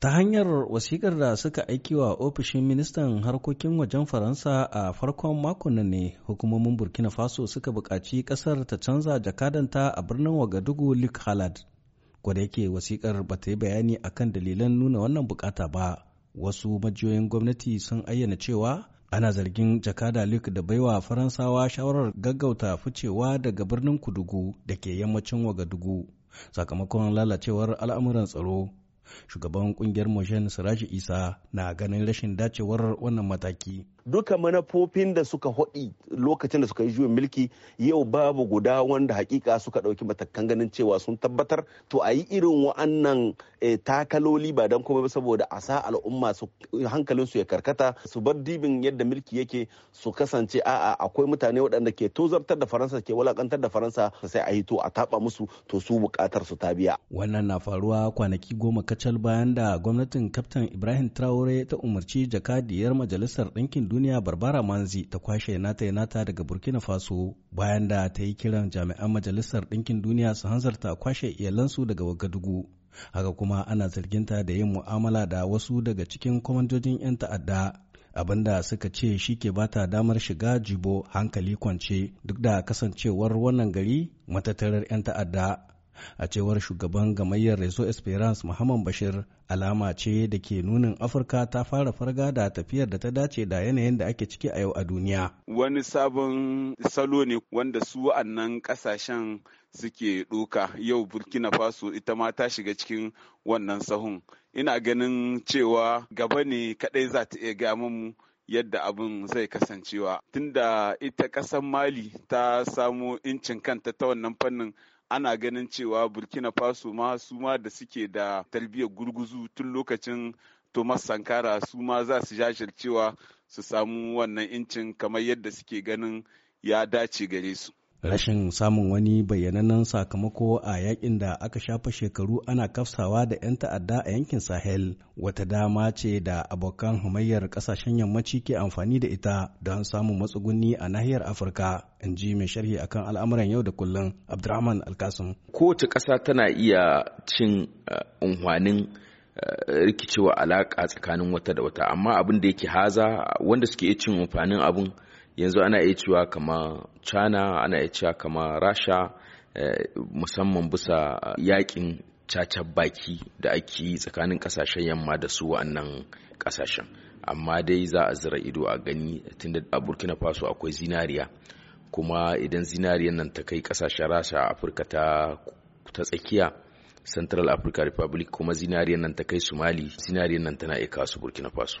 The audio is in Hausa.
ta hanyar wasikar da suka aiki wa ofishin ministan harkokin wajen faransa a farkon makon nan ne hukumomin burkina faso suka buƙaci ƙasar ta canza jakadanta a birnin wagadugu luke halad gwada yake wasikar ba ta yi bayani a kan dalilan nuna wannan bukata ba wasu majiyoyin gwamnati sun ayyana cewa ana zargin jakada luke da baiwa faransawa shawarar gaggauta ficewa daga birnin kudugu da ke yammacin wagadugu sakamakon lalacewar al'amuran tsaro shugaban kungiyar mojen siraji isa na ganin rashin dacewar wannan mataki duka manafofin da suka haɗi lokacin da suka yi juyin mulki yau babu guda wanda hakika suka ɗauki matakan ganin cewa sun tabbatar to a yi irin wa'annan eh, takaloli ba don kuma saboda a sa al'umma su hankalinsu ya karkata su bar dibin yadda mulki yake su kasance a'a akwai mutane waɗanda ke tozartar da faransa ke walakantar da faransa sai a yi to a taɓa musu to su buƙatar su ta biya wannan na faruwa kwanaki goma kacal bayan da gwamnatin kaftan ibrahim traore ta umarci jakadiyar majalisar ɗinkin duniya duniya barbara manzi ta kwashe nata nata daga burkina faso bayan da ta yi kiran jami'an majalisar ɗinkin duniya su hanzarta kwashe iyalansu daga wagadugu haka kuma ana zarginta da yin mu'amala da wasu daga cikin kwamandojin 'yan ta'adda abin da suka ce shi ke bata damar shiga jibo hankali kwance duk da kasancewar wannan gari matattarar 'yan ta'adda a cewar shugaban gamayyar Reso Esperance Muhammad Bashir alama ce da ke nunin Afirka ta fara farga da tafiyar da ta dace da yanayin da ake ciki a yau a duniya. Wani sabon salo ne wanda su wa'annan kasashen suke ɗoka yau Burkina Faso ita ma ta shiga cikin wannan sahun. Ina ganin cewa gaba ne kadai za ta iya gama mu yadda abin zai kasancewa tunda ita ƙasar mali ta samo incin kanta ta wannan fannin ana ganin cewa burkina faso ma su ma da suke da tarbiyyar gurguzu tun lokacin thomas sankara su ma za su jajircewa su samu wannan incin kamar yadda suke ganin ya dace gare su Rashin samun wani bayyanannen sakamako a yakin da aka shafa shekaru ana kafsawa da 'yan ta'adda a yankin Sahel wata dama ce da abokan hamayyar kasashen yammaci ke amfani da ita don samun matsuguni a nahiyar Afirka, in ji mai sharhi akan al'amuran yau da kullum Abdurrahman Alkasum. Kowace ƙasa tana iya cin eh, unhwanin eh, rikicewa alaƙa tsakanin wata da wata, amma abin da yake haza wanda suke cin amfanin abin yanzu ana iya cewa kama china ana iya cewa kama rasha eh, musamman bisa yakin caca baki da ake yi tsakanin kasashen yamma da su wa'annan kasashen amma dai za a zira ido a gani tunda a burkina faso akwai zinariya kuma idan zinariyan nan ta kai kasashen rasha afirka ta tsakiya central africa republic kuma zinariyan nan ta kai somali zinariyan nan tana iya kasu burkina faso